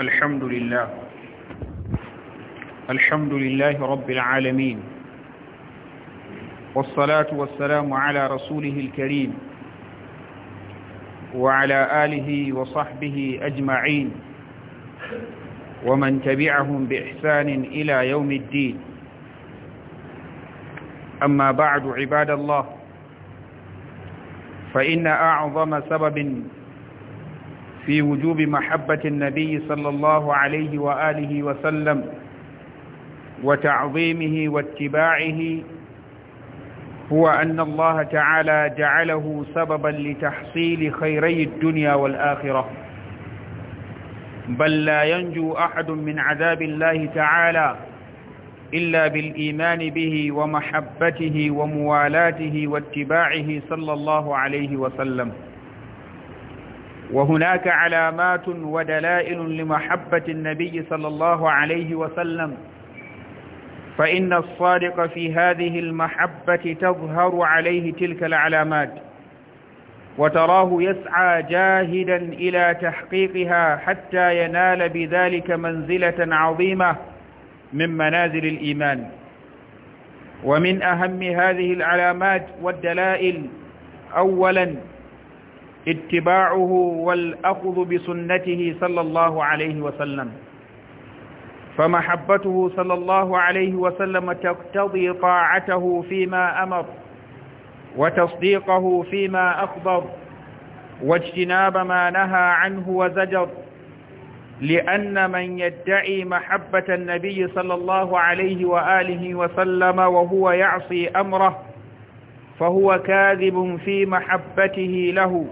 الحمد لله الحمد لله رب العالمين والصلاة والسلام على رسوله الكريم وعلى آله وصحبه أجمعين ومن تبعهم بإحسان إلى يوم الدين أما بعد عباد الله فإن أعظم سبب في وجوب محبة النبي صلى الله عليه وآله وسلم وتعظيمه واتباعه هو أن الله تعالى جعله سببا لتحصيل خيري الدنيا والآخرة بل لا ينجو أحد من عذاب الله تعالى إلا بالإيمان به ومحبته وموالاته واتباعه صلى الله عليه وسلم وهناك علامات ودلائل لمحبة النبي صلى الله عليه وسلم فإن الصادق في هذه المحبة تظهر عليه تلك العلامات وتراه يسعى جاهدا إلى تحقيقها حتى ينال بذلك منزلة عظيمة من منازل الإيمان ومن أهم هذه العلامات والدلائل أولاً اتباعه والأخذ بسنته صلى الله عليه وسلم فمحبته صلى الله عليه وسلم تقتضي طاعته فيما أمر وتصديقه فيما أخبر واجتناب ما نهى عنه وزجر لأن من يدعي محبة النبي صلى الله عليه وآله وسلم وهو يعصي أمره فهو كاذب في محبته له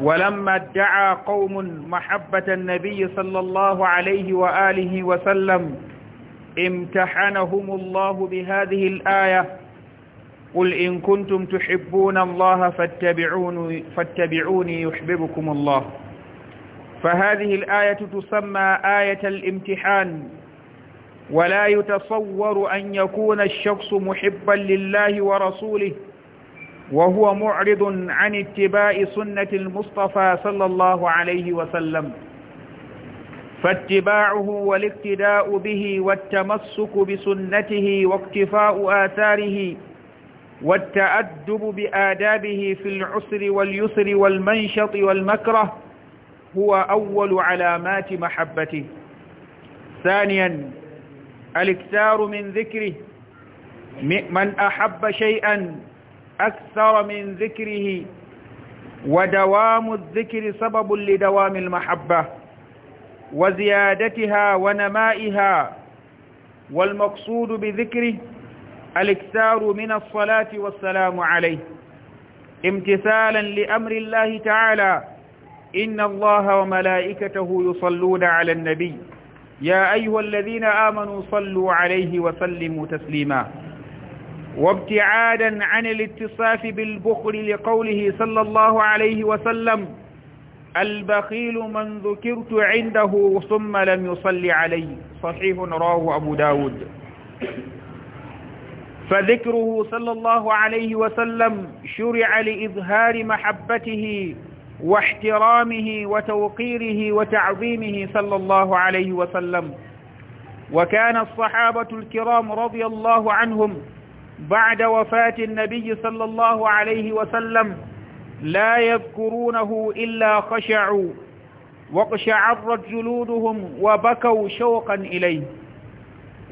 ولما ادعى قوم محبة النبي صلى الله عليه وآله وسلم امتحنهم الله بهذه الآية قل إن كنتم تحبون الله فاتبعوني, فاتبعوني يحببكم الله فهذه الآية تسمى آية الامتحان ولا يتصور أن يكون الشخص محبا لله ورسوله وهو معرض عن اتباع سنة المصطفى صلى الله عليه وسلم فاتباعه والاقتداء به والتمسك بسنته واقتفاء آثاره والتأدب بآدابه في العسر واليسر والمنشط والمكره هو أول علامات محبته ثانيا الاكثار من ذكره من أحب شيئا أكثر من ذكره ودوام الذكر سبب لدوام المحبة وزيادتها ونمائها والمقصود بذكره الاكثار من الصلاة والسلام عليه امتثالا لأمر الله تعالى إن الله وملائكته يصلون على النبي يا أيها الذين آمنوا صلوا عليه وسلموا تسليما وابتعادا عن الاتصاف بالبخل لقوله صلى الله عليه وسلم البخيل من ذكرت عنده ثم لم يصلي علي صحيح رواه أبو داود فذكره صلى الله عليه وسلم شرع لإظهار محبته واحترامه وتوقيره وتعظيمه صلى الله عليه وسلم وكان الصحابة الكرام رضي الله عنهم بعد وفاة النبي صلى الله عليه وسلم لا يذكرونه إلا خشعوا واقشعرت جلودهم وبكوا شوقا إليه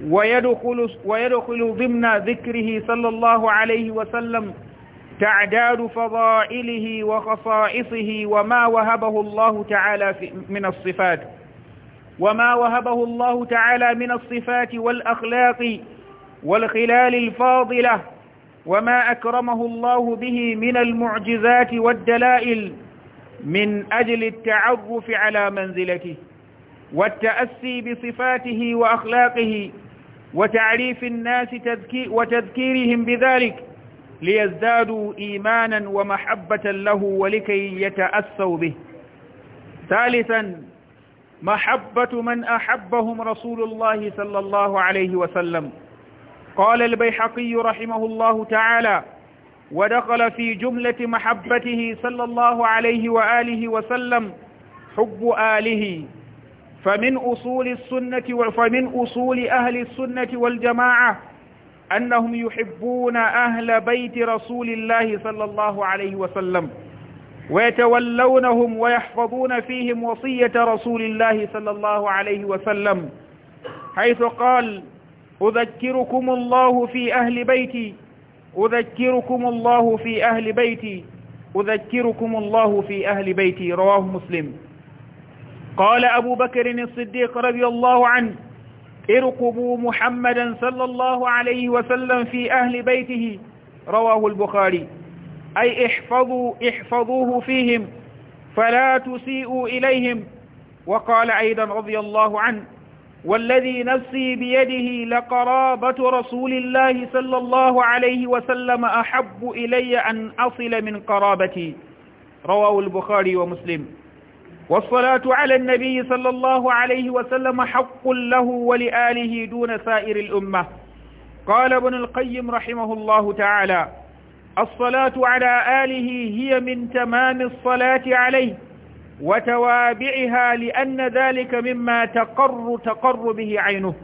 ويدخل, ويدخل ضمن ذكره صلى الله عليه وسلم تعداد فضائله وخصائصه وما وهبه الله تعالى من الصفات وما وهبه الله تعالى من الصفات والأخلاق والخلال الفاضلة وما أكرمه الله به من المعجزات والدلائل من أجل التعرف على منزلته والتأسي بصفاته وأخلاقه وتعريف الناس تذكي وتذكيرهم بذلك ليزدادوا إيمانا ومحبة له ولكي يتأسوا به ثالثا محبة من أحبهم رسول الله صلى الله عليه وسلم قال البيحقي رحمه الله تعالى ودخل في جملة محبته صلى الله عليه وآله وسلم حب آله فمن أصول السنة فمن أصول أهل السنة والجماعة أنهم يحبون أهل بيت رسول الله صلى الله عليه وسلم ويتولونهم ويحفظون فيهم وصية رسول الله صلى الله عليه وسلم حيث قال أذكركم الله في أهل بيتي أذكركم الله في أهل بيتي أذكركم الله في أهل بيتي رواه مسلم قال أبو بكر الصديق رضي الله عنه ارقبوا محمدا صلى الله عليه وسلم في أهل بيته رواه البخاري أي احفظوا احفظوه فيهم فلا تسيئوا إليهم وقال أيضا رضي الله عنه والذي نفسي بيده لقرابة رسول الله صلى الله عليه وسلم أحب إلي أن أصل من قرابتي رواه البخاري ومسلم والصلاة على النبي صلى الله عليه وسلم حق له ولآله دون سائر الأمة قال ابن القيم رحمه الله تعالى الصلاة على آله هي من تمام الصلاة عليه وتوابعها لأن ذلك مما تقر تقر به عينه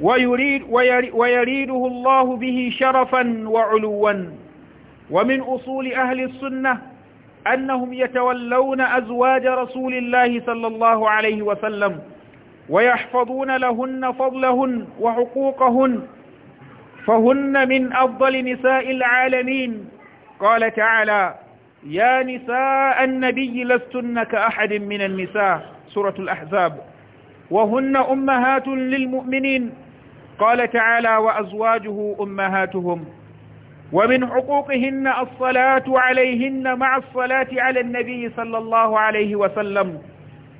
ويريد ويريده الله به شرفا وعلوا ومن أصول أهل السنة أنهم يتولون أزواج رسول الله صلى الله عليه وسلم ويحفظون لهن فضلهن وحقوقهن فهن من أفضل نساء العالمين قال تعالى يا نساء النبي لستن كأحد من النساء سورة الأحزاب وهن أمهات للمؤمنين قال تعالى وأزواجه أمهاتهم ومن حقوقهن الصلاة عليهن مع الصلاة على النبي صلى الله عليه وسلم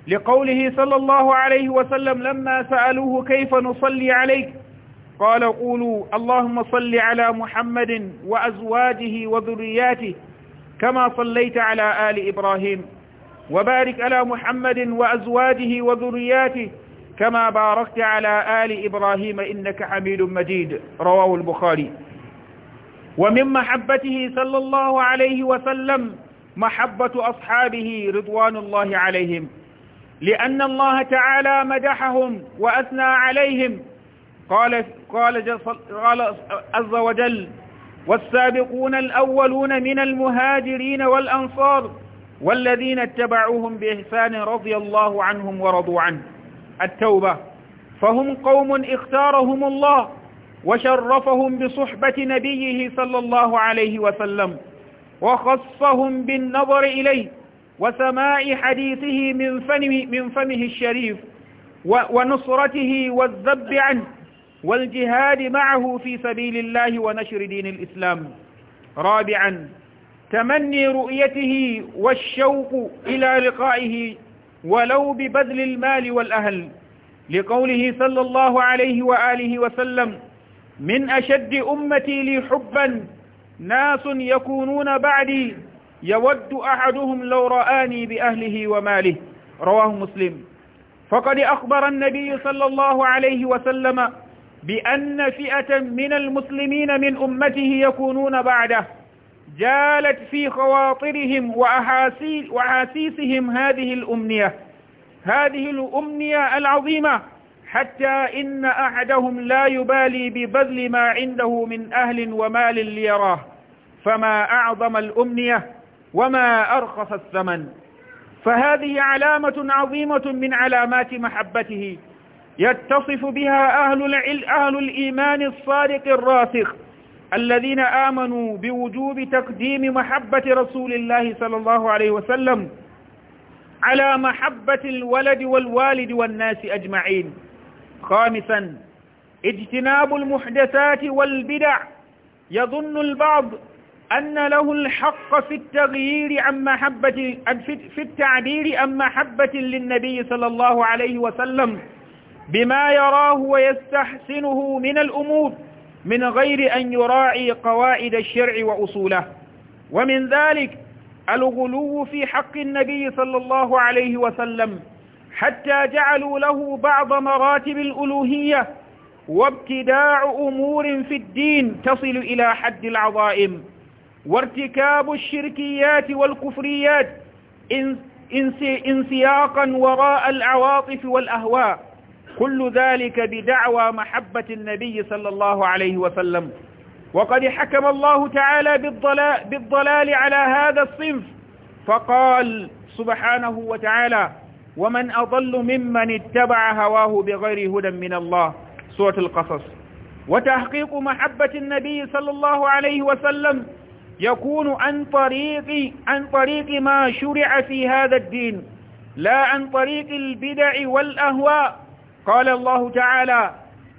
لقوله صلى الله عليه وسلم لما سألوه كيف نصلي عليك قال قولوا اللهم صل على محمد وأزواجه وذرياته كما صليت على آل إبراهيم وبارك على محمد وأزواجه وذرياته كما باركت على آل إبراهيم إنك حميد مجيد رواه البخاري ومن محبته صلى الله عليه وسلم محبة أصحابه رضوان الله عليهم لأن الله تعالى مدحهم وأثنى عليهم قال قال قال عز وجل والسابقون الأولون من المهاجرين والأنصار والذين اتبعوهم بإحسان رضي الله عنهم ورضوا عنه التوبة فهم قوم اختارهم الله وشرفهم بصحبة نبيه صلى الله عليه وسلم وخصهم بالنظر إليه وسماع حديثه من فمه, من فمه الشريف ونصرته والذب عنه والجهاد معه في سبيل الله ونشر دين الإسلام رابعا تمني رؤيته والشوق إلى لقائه ولو ببذل المال والأهل لقوله صلى الله عليه وآله وسلم من أشد أمتي لي حبا ناس يكونون بعدي يود أحدهم لو رآني بأهله وماله رواه مسلم فقد أخبر النبي صلى الله عليه وسلم بأن فئة من المسلمين من أمته يكونون بعده جالت في خواطرهم وأحاسيسهم هذه الأمنية هذه الأمنية العظيمة حتى إن أحدهم لا يبالي ببذل ما عنده من أهل ومال ليراه فما أعظم الأمنية وما أرخص الثمن فهذه علامة عظيمة من علامات محبته يتصف بها أهل, العل أهل الإيمان الصادق الراسخ الذين آمنوا بوجوب تقديم محبة رسول الله صلى الله عليه وسلم على محبة الولد والوالد والناس أجمعين خامسا اجتناب المحدثات والبدع يظن البعض أن له الحق في التغيير عن محبة في التعبير عن محبة للنبي صلى الله عليه وسلم بما يراه ويستحسنه من الأمور من غير أن يراعي قواعد الشرع وأصوله ومن ذلك الغلو في حق النبي صلى الله عليه وسلم حتى جعلوا له بعض مراتب الألوهية وابتداع أمور في الدين تصل إلى حد العظائم وارتكاب الشركيات والكفريات انسياقا وراء العواطف والأهواء كل ذلك بدعوى محبة النبي صلى الله عليه وسلم وقد حكم الله تعالى بالضلال, بالضلال على هذا الصنف فقال سبحانه وتعالى ومن أضل ممن اتبع هواه بغير هدى من الله سورة القصص وتحقيق محبة النبي صلى الله عليه وسلم يكون عن طريق, عن طريق ما شرع في هذا الدين لا عن طريق البدع والأهواء قال الله تعالى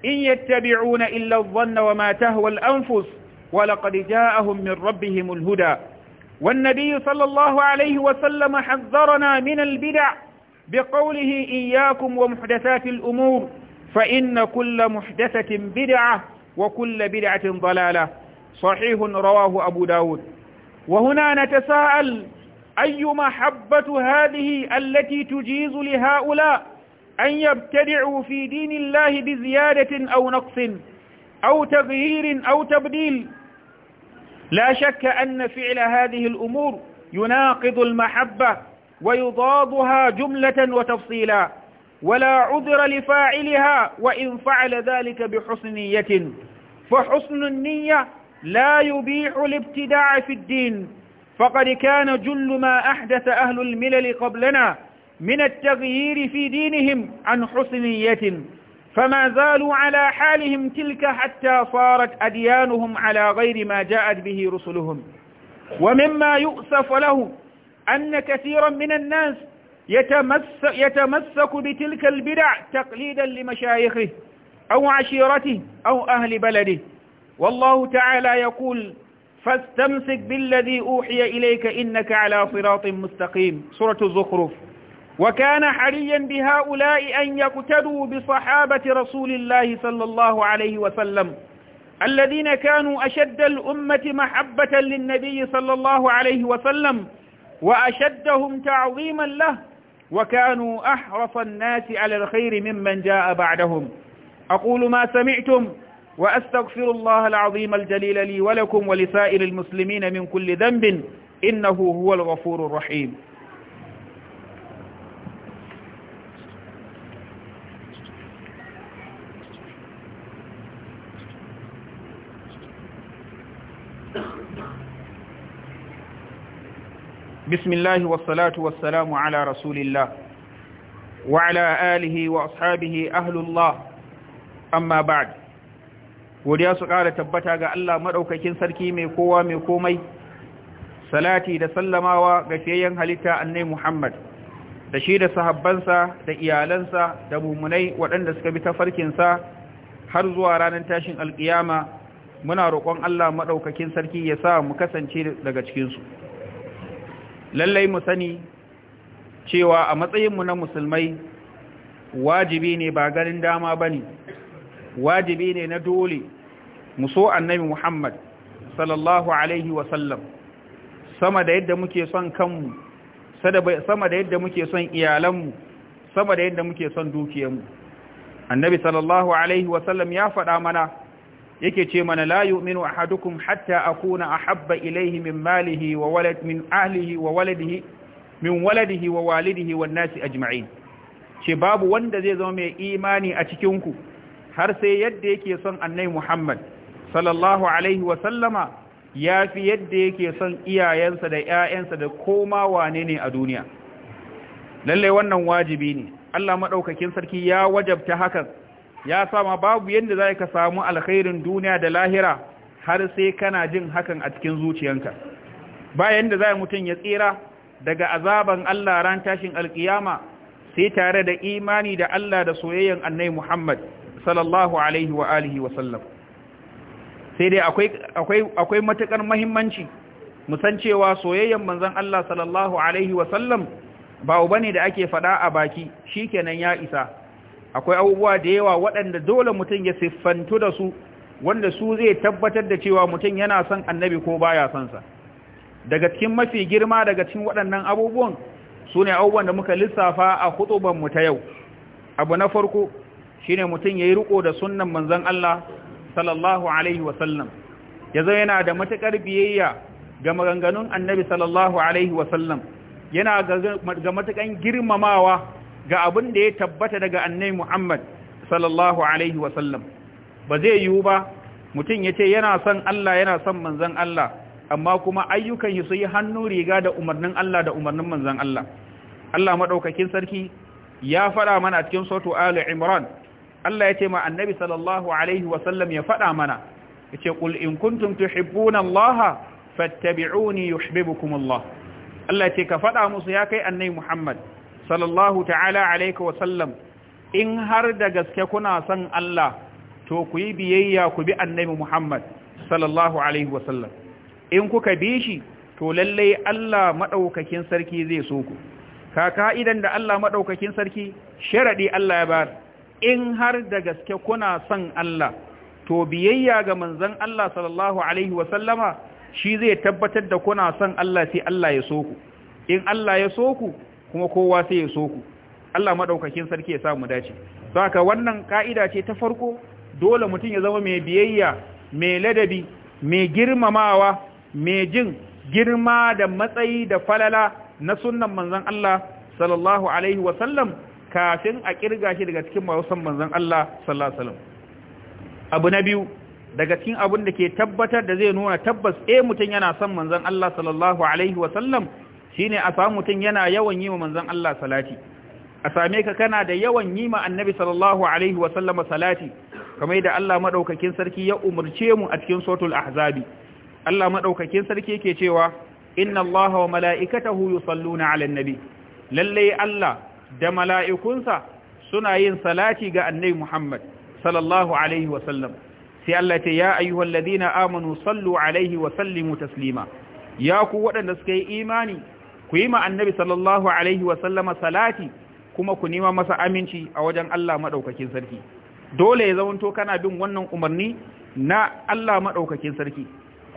إن يتبعون إلا الظن وما تهوى الأنفس ولقد جاءهم من ربهم الهدى والنبي صلى الله عليه وسلم حذرنا من البدع بقوله إياكم ومحدثات الأمور فإن كل محدثة بدعة وكل بدعة ضلالة صحيح رواه أبو داود وهنا نتساءل أي محبة هذه التي تجيز لهؤلاء أن يبتدعوا في دين الله بزيادة أو نقص أو تغيير أو تبديل لا شك أن فعل هذه الأمور يناقض المحبة ويضادها جملة وتفصيلا ولا عذر لفاعلها وإن فعل ذلك بحسن نية فحسن النية لا يبيح الابتداع في الدين فقد كان جل ما أحدث أهل الملل قبلنا من التغيير في دينهم عن حسن فما زالوا على حالهم تلك حتى صارت أديانهم على غير ما جاءت به رسلهم ومما يؤسف له أن كثيرا من الناس يتمس يتمسك بتلك البدع تقليدا لمشايخه أو عشيرته أو أهل بلده والله تعالى يقول فاستمسك بالذي أوحي إليك إنك على صراط مستقيم سورة الزخرف وكان حريا بهؤلاء أن يقتدوا بصحابة رسول الله صلى الله عليه وسلم الذين كانوا أشد الأمة محبة للنبي صلى الله عليه وسلم وأشدهم تعظيما له وكانوا أحرص الناس على الخير ممن جاء بعدهم أقول ما سمعتم وأستغفر الله العظيم الجليل لي ولكم ولسائر المسلمين من كل ذنب إنه هو الغفور الرحيم Bismillahi الله والصلاة والسلام على رسول الله وعلى آله وأصحابه أهل الله أما بعد godiya su ƙara tabbata ga Allah maɗaukakin sarki mai kowa mai komai salati da sallamawa ga fiyayyen halitta annai Muhammad da shi da sahabbansa da iyalansa da mumunai waɗanda suka bi tafarkinsa har zuwa ranar tashin alkiyama muna rokon Allah maɗaukakin sarki ya sa mu kasance daga cikinsu lallai mu sani cewa a matsayinmu na musulmai wajibi ne ba ganin dama ba ne wajibi ne na dole mu so annabi muhammad sallallahu alaihi wasallam sama da yadda muke son kanmu sama da yadda muke son iyalanmu sama da yadda muke son dukiyarmu annabi sallallahu alaihi wasallam ya faɗa mana yake ce mana la yu'minu ahadukum hatta akuna ahabba ilayhi min malihi wa walad min ahlihi wa waladihi min waladihi wa walidihi wan nasi ajma'in ce babu wanda zai zama mai imani a cikin ku har sai yadda yake son annai Muhammad sallallahu alaihi wa sallama yafi yadda yake son iyayensa da ƴaƴansa da koma wane ne a duniya lallai wannan wajibi ne Allah madaukakin sarki ya wajabta hakan ya sama babu yadda za ka samu alkhairin duniya da lahira har sai kana jin hakan a cikin zuciyanka ba yadda za mutum ya tsira daga azaban Allah ran tashin alkiyama sai tare da imani da Allah da soyayyen annai Muhammad sallallahu alaihi wa alihi wa sallam sai dai akwai akwai akwai matukar muhimmanci musan cewa soyayyan manzon Allah sallallahu alaihi wa sallam ba ubane da ake fada a baki shikenan ya isa akwai abubuwa da yawa waɗanda dole mutum ya siffantu da su wanda su zai tabbatar da cewa mutum yana son annabi ko baya son sa daga cikin mafi girma daga cikin waɗannan abubuwan su ne abubuwan da muka lissafa a hutuban mu ta yau abu na farko shine mutum yayi riko da sunnan manzon Allah sallallahu alaihi wasallam yazo yana da matakar biyayya ga maganganun annabi sallallahu alaihi wasallam yana ga matakan girmamawa ga abin da ya tabbata daga annai Muhammad sallallahu alaihi wasallam ba zai yiwu ba mutum ya ce yana son Allah yana son manzan Allah amma kuma ayyukan yi su yi hannu riga da umarnin Allah da umarnin manzan Allah Allah maɗaukakin sarki ya faɗa mana a cikin sautu Ali Imran Allah ya ce ma annabi sallallahu alaihi wasallam ya faɗa mana ya ce ƙul in kuntum tuhibbuna Allah fattabi'uni yuhibbukum Allah Allah ya ce ka faɗa musu ya kai annai Muhammad sallallahu ta'ala alaika wasallam in har da gaske kuna son Allah to ku yi biyayya ku bi annabi Muhammad sallallahu alaihi wasallam in kuka bi shi to lallai Allah madaukakin sarki zai so ku Kaka idan da Allah madaukakin sarki sharadi Allah ya bar in har da gaske kuna son Allah to biyayya ga manzon Allah sallallahu alaihi wasallama shi zai tabbatar da kuna son Allah sai Allah ya so ku in Allah ya so ku kuma kowa sai ya so ku Allah madaukakin sarki ya samu dace saka wannan ka'ida ce ta farko dole mutum ya zama mai biyayya mai ladabi mai girmamawa mai jin girma da matsayi da falala na sunnan manzon Allah sallallahu alaihi wa sallam kafin a kirga shi daga cikin mawusan manzon Allah sallallahu alaihi wa abu na biyu daga cikin abin da ke tabbatar da zai nuna tabbas eh mutum yana son manzon Allah sallallahu alaihi wa sallam ne a samu mutum yana yawan yi wa manzan Allah salati a same ka kana da yawan yi ma annabi sallallahu alaihi wa salati kamar da Allah maɗaukakin sarki ya umurce mu a cikin sotul ahzabi Allah maɗaukakin sarki ke cewa inna Allaha wa mala'ikatahu yusalluna 'alan nabi Lallai Allah da mala'ikunsa suna yin salati ga annabi Muhammad sallallahu alaihi wa sallam sai Allah ta ya ayyuhal ladina amanu sallu alaihi wa sallimu taslima ya ku waɗanda suka yi imani ku yi ma annabi sallallahu alaihi wa salati kuma ku nema masa aminci a wajen Allah maɗaukakin sarki dole ya zamanto kana bin wannan umarni na Allah maɗaukakin sarki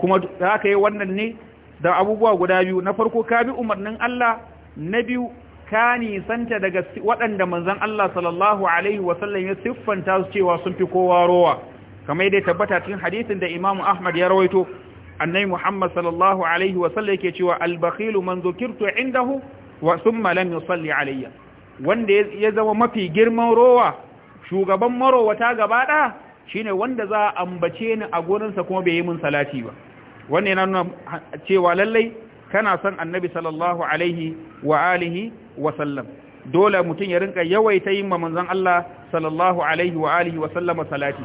kuma za ka yi wannan ne da abubuwa guda biyu na farko ka bi umarnin Allah na biyu ka nisanta daga waɗanda manzon Allah sallallahu alaihi wa ya siffanta su cewa sun fi kowa rowa kamar dai tabbata cikin hadisin da Imam Ahmad ya rawaito annai Muhammad sallallahu alaihi wa sallam yake cewa al-bakhilu man dhukirtu indahu wa thumma lam yusalli alayya wanda ya zama mafi girman rowa shugaban marowata gaba da shine wanda za a ambace ni a gurinsa kuma bai yi min salati ba wannan yana nuna cewa lallai kana son annabi sallallahu alaihi wa alihi wa sallam dole mutum ya rinka yawaita yin ma manzon Allah sallallahu alaihi wa alihi wa sallama salati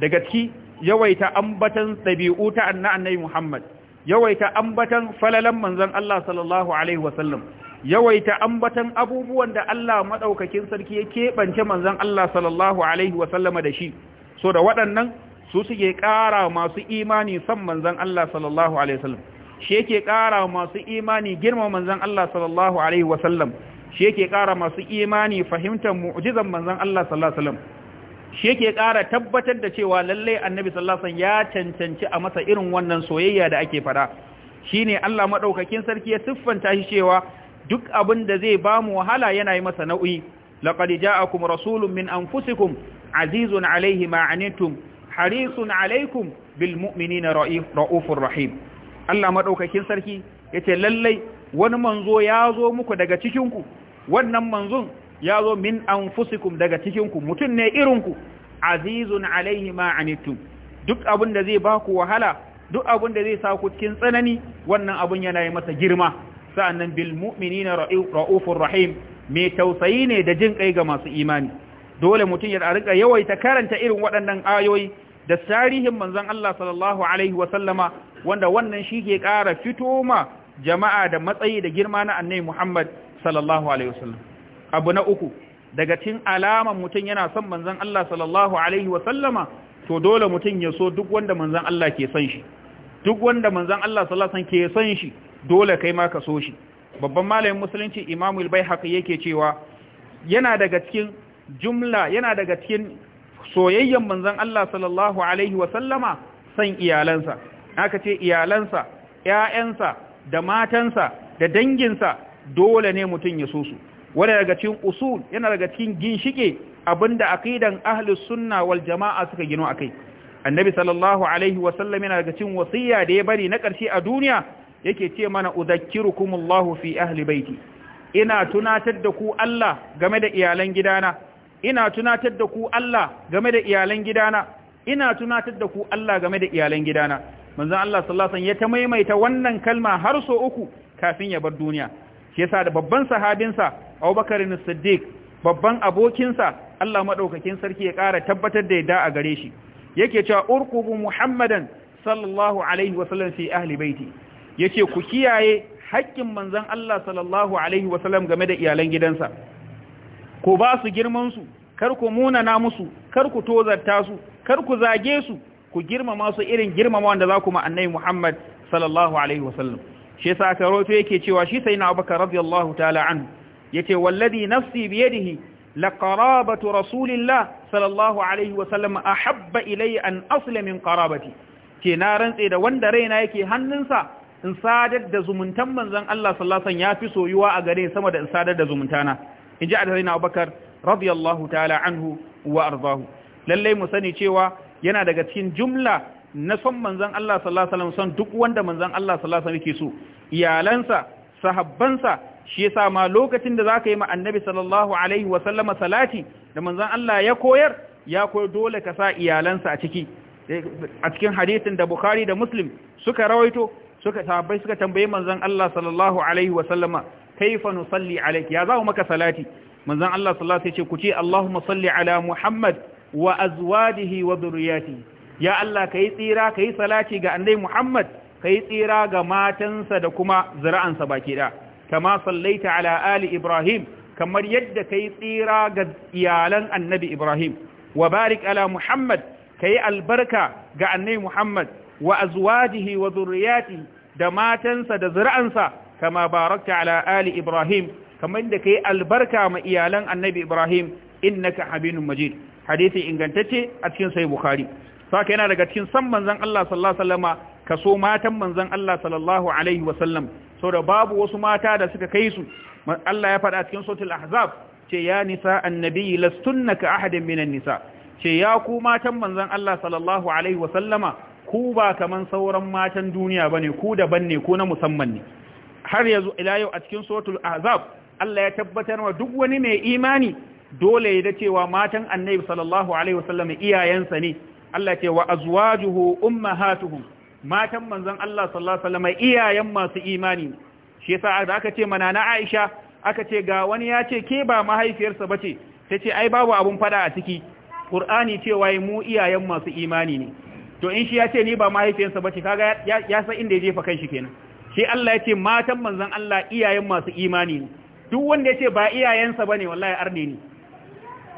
daga ciki yawaita ambatan ɗabi'u ta anna annabi Muhammad yawaita ambatan falalan manzon Allah sallallahu alaihi wasallam yawaita ambatan abubuwan da Allah madaukakin sarki ya keɓance manzon Allah sallallahu alaihi wasallam da shi so da waɗannan su suke ƙara masu imani son manzon Allah sallallahu alaihi wasallam shi yake ƙara masu imani girma manzon Allah sallallahu alaihi wasallam shi yake ƙara masu imani fahimtar mu'jizan manzon Allah sallallahu alaihi wasallam shi yake ƙara tabbatar da cewa lallai annabi sallallahu ya cancanci a masa irin wannan soyayya da ake fara ne Allah maɗaukakin sarki ya siffanta shi cewa duk abin da zai bamu wahala yana yi masa nau'i laqad ja'akum rasulun min anfusikum azizun alaihi ma harisun alaikum bil mu'minina raufur rahim Allah maɗaukakin sarki ya ce lallai wani manzo ya zo muku daga cikin ku wannan manzon ya zo min an fusikum daga cikinku mutum ne irinku azizun alaihi ma duk abin da zai baku wahala duk abin da zai sa ku cikin tsanani wannan abin yana yi masa girma sa'annan bil na ra'ufun rahim mai tausayi ne da jin kai ga masu imani dole mutum ya rika yawaita karanta irin waɗannan ayoyi da tarihin manzon Allah sallallahu alaihi wa sallama wanda wannan shi ke ƙara fito ma jama'a da matsayi da girma na annabi Muhammad sallallahu alaihi wa sallam abu na uku daga cikin alaman mutum yana son manzan Allah sallallahu alaihi wasallama to dole mutum ya so duk wanda manzan Allah ke son shi duk wanda manzan Allah sallallahu alaihi ke son shi dole kai ma ka so shi babban malamin musulunci imamu al haka yake cewa yana daga cikin jumla yana daga cikin soyayyen manzon Allah sallallahu alaihi wasallama son iyalansa aka ce iyalansa 'ya'yansa, da matansa da danginsa dole ne mutum ya so su wani daga cikin usul yana daga cikin ginshike abinda aqidan ahlus sunna wal jama'a suka gino akai annabi sallallahu alaihi wa sallam yana daga cikin wasiya da ya bari na ƙarshe a duniya yake ce mana udhakkirukumullahu fi ahli baiti ina tunatar da ku Allah game da iyalan gidana ina tunatar da ku Allah game da iyalan gidana ina tunatar da ku Allah game da iyalan gidana manzon Allah sallallahu alaihi ya ta maimaita wannan kalma har so uku kafin ya bar duniya shi yasa da babban sahabinsa abubakar siddiq babban abokinsa Allah maɗaukakin sarki ya ƙara tabbatar da yadda a gare shi yake cewa urkubu muhammadan sallallahu alaihi wa sallam fi ahli baiti yace ku kiyaye haƙƙin manzon Allah sallallahu alaihi wa sallam game da iyalan gidansa ku ba su girman su kar ku muna na musu kar ku tozarta su kar ku zage su ku girmama su irin girmama wanda za ku ma annabi Muhammad sallallahu alaihi sallam shi yasa aka rawaito yake cewa shi sayyidina Abubakar radiyallahu ta'ala anhu yace wallazi nafsi biyadihi لقرابة رسول الله صلى الله عليه وسلم أحب إلي أن أصل من ke na rantse da wanda raina yake hannunsa in sadar da zumuntan manzon Allah sallallahu alaihi wasallam yafi soyuwa a gare sama da in sadar da zumuntana inji Adraina Abubakar radiyallahu ta'ala anhu wa ardahu lalle mu sani cewa yana daga cikin jumla na son manzon Allah sallallahu alaihi wasallam son duk wanda manzon Allah sallallahu alaihi wasallam yake so iyalansa sahabbansa shi yasa ma lokacin da zaka yi ma annabi sallallahu alaihi wa sallama salati da manzon Allah ya koyar ya koyar dole ka sa iyalansa a ciki a cikin hadisin da Bukhari da Muslim suka rawaito suka tambayi suka tambaye manzon Allah sallallahu alaihi wa sallama nusalli ya zawo maka salati manzon Allah sallallahu alaihi ce ku ce Allahumma salli ala Muhammad wa azwajihi wa dhurriyyatihi ya Allah kai tsira kai salati ga annabi Muhammad kai tsira ga matansa da kuma zuri'ansa baki ɗaya kama sallaita ala ali ibrahim kamar yadda kai tsira ga iyalan annabi ibrahim wa barik ala muhammad kai albarka ga annabi muhammad wa azwajihi wa zurriyati da matansa da zuri'ansa kama barakta ala ali ibrahim kamar da kai albarka ma iyalan annabi ibrahim innaka habinun majid hadisi ingantacce a cikin sai bukhari saka yana daga cikin san manzon Allah sallallahu alaihi wasallama kaso matan manzon Allah sallallahu alaihi wasallam Sau da babu wasu mata da suka kai su Allah ya faɗa cikin sautul ahzab ce ya nisa annabi lastunna ka ahadin minan nisa ce ya ku matan manzon Allah sallallahu alaihi wasallama ku ba kaman sauran matan duniya bane ku daban ne ku na musamman ne har yanzu ila yau a cikin sautul ahzab Allah ya tabbatar wa duk wani mai imani dole ya da cewa matan annabi sallallahu alaihi wasallam iyayensa ne Allah ce wa azwajuhu ummahatuhum matan manzon Allah sallallahu alaihi wasallam iyayen masu imani shi yasa da aka ce mana na Aisha aka ce ga wani ya ce ke ba mahaifiyarsa bace tace ai babu abun fada a ciki Qur'ani cewa mu iyayen masu imani ne to in shi ya ce ni ba mahaifiyarsa bace kaga ya san inda ya jefa kanshi kenan shi Allah ya ce matan manzon Allah iyayen masu imani ne duk wanda ya ce ba iyayensa bane wallahi arne ne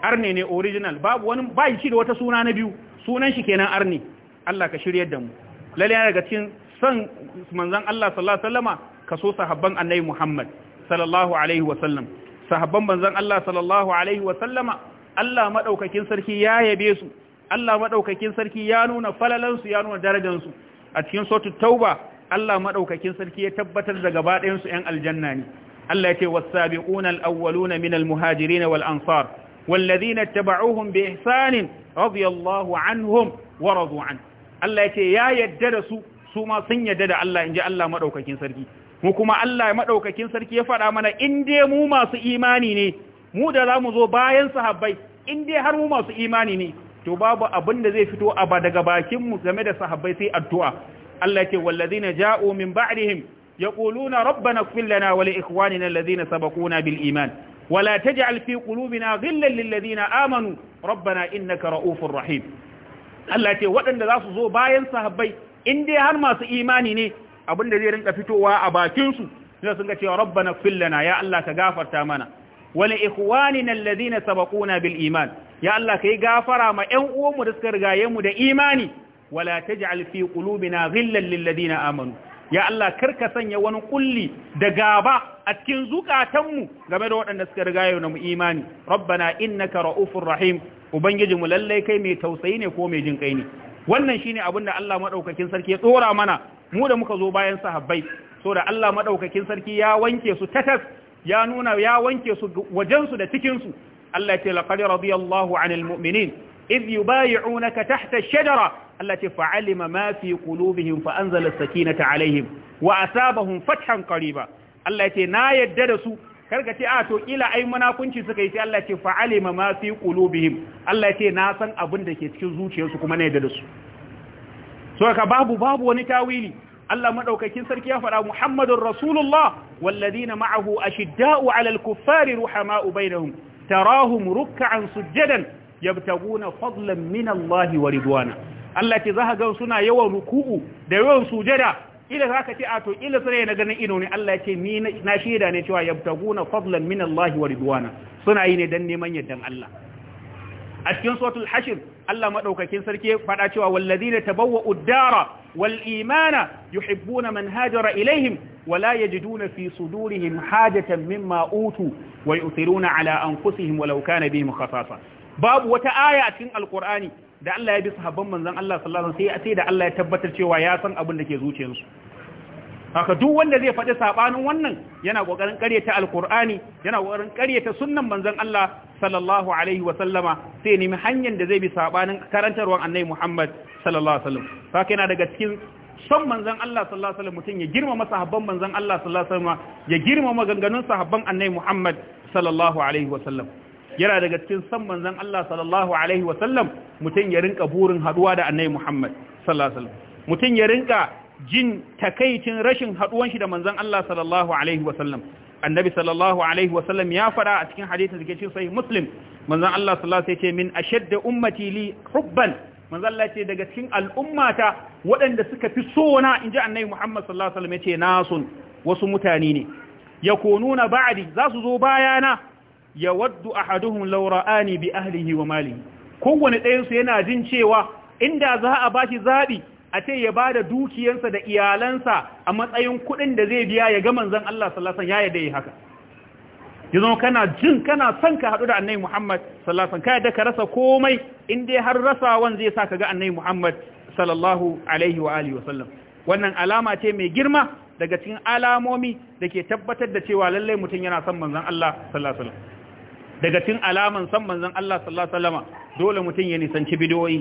arne ne original babu wani ba shi da wata suna na biyu sunan shi kenan arne Allah ka shiryar da mu lalle yana daga cikin san manzon Allah sallallahu alaihi wasallama kaso sahabban annabi Muhammad sallallahu alaihi wasallam sahabban manzon Allah sallallahu alaihi wasallama Allah madaukakin sarki ya yabe su Allah madaukakin sarki ya nuna falalansu ya nuna darajansu a cikin suratul tauba Allah madaukakin sarki ya tabbatar da gaba ɗayan su ƴan aljanna ne Allah ya ce was-sabiquna al-awwaluna minal muhajirin wal-ansar والذين اتبعوهم بإحسان رضي الله عنهم ورضوا عنه Allah ya ce ya yadda da su su ma sun yadda da Allah in ji Allah maɗaukakin sarki mu kuma Allah maɗaukakin sarki ya faɗa mana in dai mu masu imani ne mu da za mu zo bayan sahabbai in dai har mu masu imani ne to babu abin da zai fito a ba daga bakin mu game da sahabbai sai addu'a Allah ce wallazina ja'u min ba'dihim yaquluna rabbana ighfir lana wa li ikhwanina alladhina sabaquna bil iman wa la taj'al fi qulubina ghillan lil ladina amanu rabbana innaka ra'ufur rahim Allah ce waɗanda za su zo bayan sahabbai in dai har masu imani ne abin da zai rinka fitowa a bakinsu suna sun ga cewa rabbana fillana ya Allah ka gafarta mana ikwani ikhwanina alladhina sabaquna bil iman ya Allah kai gafara ma ƴan uwanmu da suka rigaye mu da imani wala taj'al fi qulubina ghillan lil ladina amanu ya Allah karka sanya wani kulli da gaba a cikin zukatanmu game da waɗanda suka riga yau na mu imani rabbana innaka ra'ufur rahim ubangiji mu lallai kai mai tausayi ne ko mai jin kai ne wannan shine abin da Allah madaukakin sarki ya tsora mana mu da muka zo bayan sahabbai so da Allah madaukakin sarki ya wanke su tatas ya nuna ya wanke su wajen su da cikin su Allah ya ce laqad radiyallahu anil mu'minin idh yubay'unaka tahta ash-shajara Allah ce fa'alima ma fi qulubihim fa anzala alaihim wa asabahum fathan ba Allah ya ce na yadda da su kar ka a to kila ai munafunci suka yi sai Allah ce fa'alima ma fi qulubihim Allah ya ce na san abin da ke cikin zuciyarsu kuma na yadda da su so ka babu babu wani tawili Allah madaukakin sarki ya faɗa muhammadun Rasulullah walladina ma'ahu ashidda'u 'alal kuffari ruhama'u bainahum tarahum ruk'an sujjadan yabtaguna fadlan min Allah wa ridwana Allah ce za ga suna yawan ruku'u da yawan sujada ila za ka ce a to ila suna na ganin ido ne Allah ce ni na shaida ne cewa yabtaguna fadlan min Allah wa ridwana suna yi ne dan neman yardan Allah a cikin suratul hashir Allah maɗaukakin sarki ya faɗa cewa wallazina tabawwa'u ad-dara wal imana yuhibbuna man hajara ilaihim sudurihim hajatan في صدورهم wa مما ala ويؤثرون على أنفسهم ولو كان babu wata aya a cikin القرآن da Allah ya bi sahabban manzon Allah sallallahu alaihi wasallam sai da Allah ya tabbatar cewa ya san abin da ke zuciyarsu haka duk wanda zai faɗi sabanin wannan yana kokarin ƙaryata alqur'ani yana kokarin ƙaryata sunnan manzon Allah sallallahu alaihi wasallama sai nemi hanyar da zai bi sabanin karantarwar annabi Muhammad sallallahu alaihi wasallam haka yana daga cikin son manzon Allah sallallahu alaihi wasallam mutum ya girmama sahabban manzon Allah sallallahu alaihi wasallam ya girmama ganganun sahabban annabi Muhammad sallallahu alaihi wasallam yana daga cikin san manzon Allah sallallahu alaihi wa sallam mutum ya rinka burin haduwa da annabi Muhammad sallallahu alaihi wa sallam mutum ya rinka jin takaicin rashin haduwan shi da manzon Allah sallallahu alaihi wa sallam annabi sallallahu alaihi wa sallam ya fada a cikin hadisin da ke cikin sahih muslim manzon Allah sallallahu alaihi wa sallam ya ce min ashadda ummati li hubban manzon Allah ce daga cikin al'ummata waɗanda suka fi so na inji annabi Muhammad sallallahu alaihi wa sallam ya ce nasun wasu mutane ne yakununa ba'di za su zo bayana ya waddu Laura, a ra'ani bi ahlihi wa mali kowanne ɗayansu yana jin cewa inda za a bashi zaɓi, a ce ya ba da dukiyansa da iyalansa a matsayin kuɗin da zai biya ya ga zan Allah sallallahu alaihi wasallam ya yadda haka yanzu kana jin kana son ka haɗu da annai Muhammad Sallasan. Ka yadda ka rasa komai in dai har rasawan zai sa ka ga annai Muhammad sallallahu alaihi wa alihi wasallam wannan alama ce mai girma daga cikin alamomi da ke tabbatar da cewa lallai mutum yana son manzon Allah sallallahu alaihi wasallam daga cin alaman san manzan Allah sallallahu alaihi wasallama dole mutum ya nisanci bidiyoyi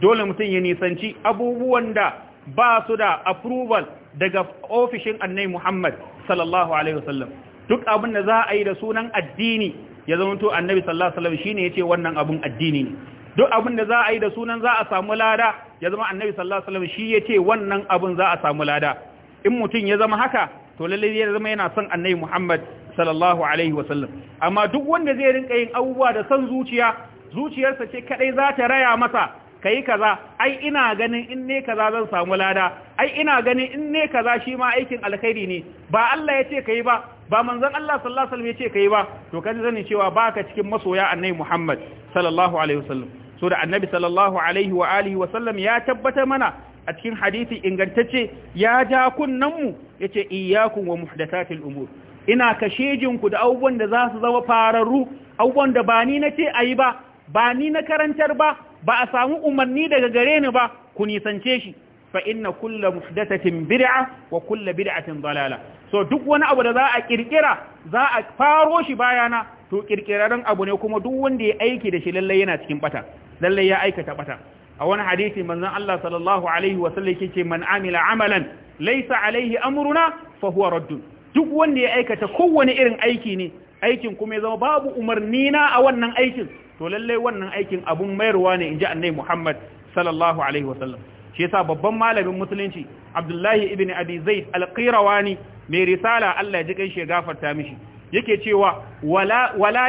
dole mutum ya nisanci abubuwan da ba su da approval daga ofishin annai Muhammad sallallahu alaihi wasallam duk abin da za a yi da sunan addini ya zamanto annabi sallallahu alaihi wasallam shine yace wannan abun addini ne duk abin da za a yi da sunan za a samu lada ya zama annabi sallallahu alaihi wasallam shi yace wannan abun za a samu lada in mutum ya zama haka to lalle ya zama yana son annabi Muhammad sallallahu alaihi wasallam amma duk wanda zai rinka yin abubuwa da son zuciya zuciyarsa ce kadai za ta raya masa kai kaza ai ina ganin in ne kaza zan samu lada ai ina ganin in ne kaza shi ma aikin alkhairi ne ba Allah ya ce kai ba ba manzon Allah sallallahu alaihi wasallam ya ce kai ba to kaji zani cewa baka cikin masoya annabi Muhammad sallallahu alaihi wasallam so da annabi sallallahu alaihi wa alihi wasallam ya tabbata mana a cikin hadisi ingantacce ya ja kunnan mu yace iyyakum wa muhdathatil umur ina kashe jinku da abubuwan da za su zama fararru abubuwan da ba ni na ce a yi ba ba ni na karantar ba ba a samu umarni daga gare ni ba ku nisance shi fa inna kulla muhdatatin bid'a wa kulla bid'atin dalala so duk wani abu da za a kirkira za a faro shi bayana to kirkiraren abu ne kuma duk wanda ya aiki da shi lalle yana cikin bata lalle ya aikata bata a wani hadisi manzon Allah sallallahu alaihi wa sallam yake ce man amila amalan laysa alaihi amruna fa huwa raddun duk wanda ya aikata kowane irin aiki ne aikin kuma ya zama babu umarni na a wannan aikin to lallai wannan aikin abun mayarwa ne inji annabi Muhammad sallallahu alaihi wasallam shi yasa babban malamin musulunci Abdullahi ibn Abi Zaid al-Qirawani mai risala Allah ya ji kai shi gafarta mishi yake cewa wala wala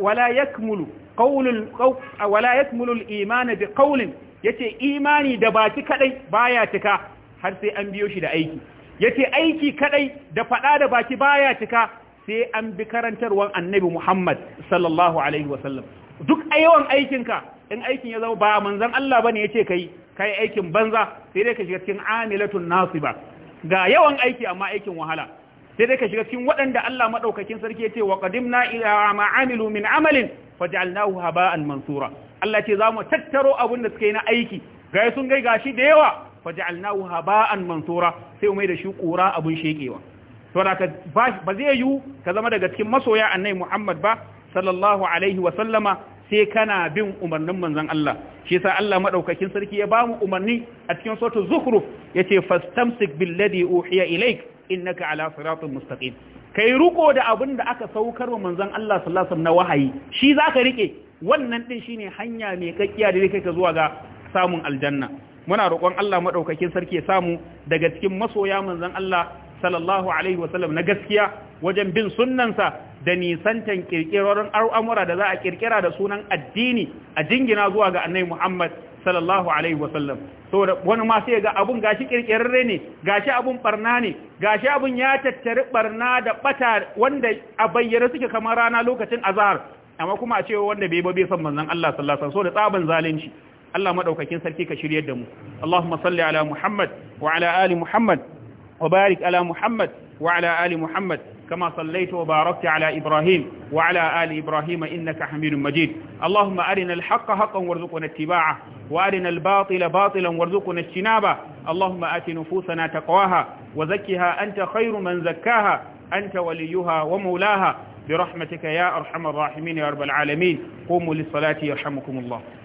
wala yakmulu qawlul wala yakmulu al-iman bi qawlin yace imani da baki kadai baya cika har sai an biyo shi da aiki ce aiki kadai da fada da baki baya cika sai an bi karantarwar annabi Muhammad sallallahu alaihi wasallam duk yawan aikinka in aikin ya zama ba manzan Allah bane yace kai kai aikin banza sai dai ka shiga cikin amilatun nasiba ga yawan aiki amma aikin wahala sai dai ka shiga cikin waɗanda Allah madaukakin sarki yace wa qadimna ila ma amilu min amalin faj'alnahu haba'an mansura Allah ce za mu tattaro abin da suka yi na aiki ga sun gai gashi da yawa faj'alnahu haba'an mansura sai mai da shi kura abun shekewa to da ba zai yu ka zama daga cikin masoya annai Muhammad ba sallallahu alaihi wa sallama sai kana bin umarnin manzon Allah shi yasa Allah madaukakin sarki ya bamu umarni a cikin suratul zukhruf yace fastamsik billadhi uhiya ilaik innaka ala siratin mustaqim kai ruko da abin da aka saukar wa manzon Allah sallallahu alaihi na wahayi shi zaka rike wannan din shine hanya mai kakkiya da kai ka zuwa ga samun aljanna muna roƙon Allah maɗaukakin sarki ya samu daga cikin masoya manzon Allah sallallahu alaihi wasallam na gaskiya wajen bin sunnansa da nisantan kirkirorin al'amura da za a kirkira da sunan addini a jingina zuwa ga annai Muhammad sallallahu Alaihi wasallam. Saboda wani ma sai ga abun gashi kirkirarre ne, gashi abun barna ne, gashi abun ya tattari barna da ɓata wanda a bayyana suke kamar rana lokacin azahar, amma kuma a cewa wanda bai ba bai san manzon Allah sallallahu Alaihi wasallam so da tsaban zalunci. Allah maɗaukakin sarki ka shiryar da mu. Allahumma salli ala Muhammad wa ala Muhammad wa barik ala Muhammad wa ala Muhammad kama sallaita wa barakta ala Ibrahim wa ala ali Ibrahim innaka Hamidum Majid. Allahumma arina al-haqqa haqqan warzuqna ittiba'a wa arina al-batila batilan warzuqna ijtinaba. Allahumma ati nufusana taqwaha wa zakkiha anta khairu man zakkaha anta waliyuha wa mawlaha برحمتك يا ya الراحمين يا رب muli salati للصلاة يرحمكم الله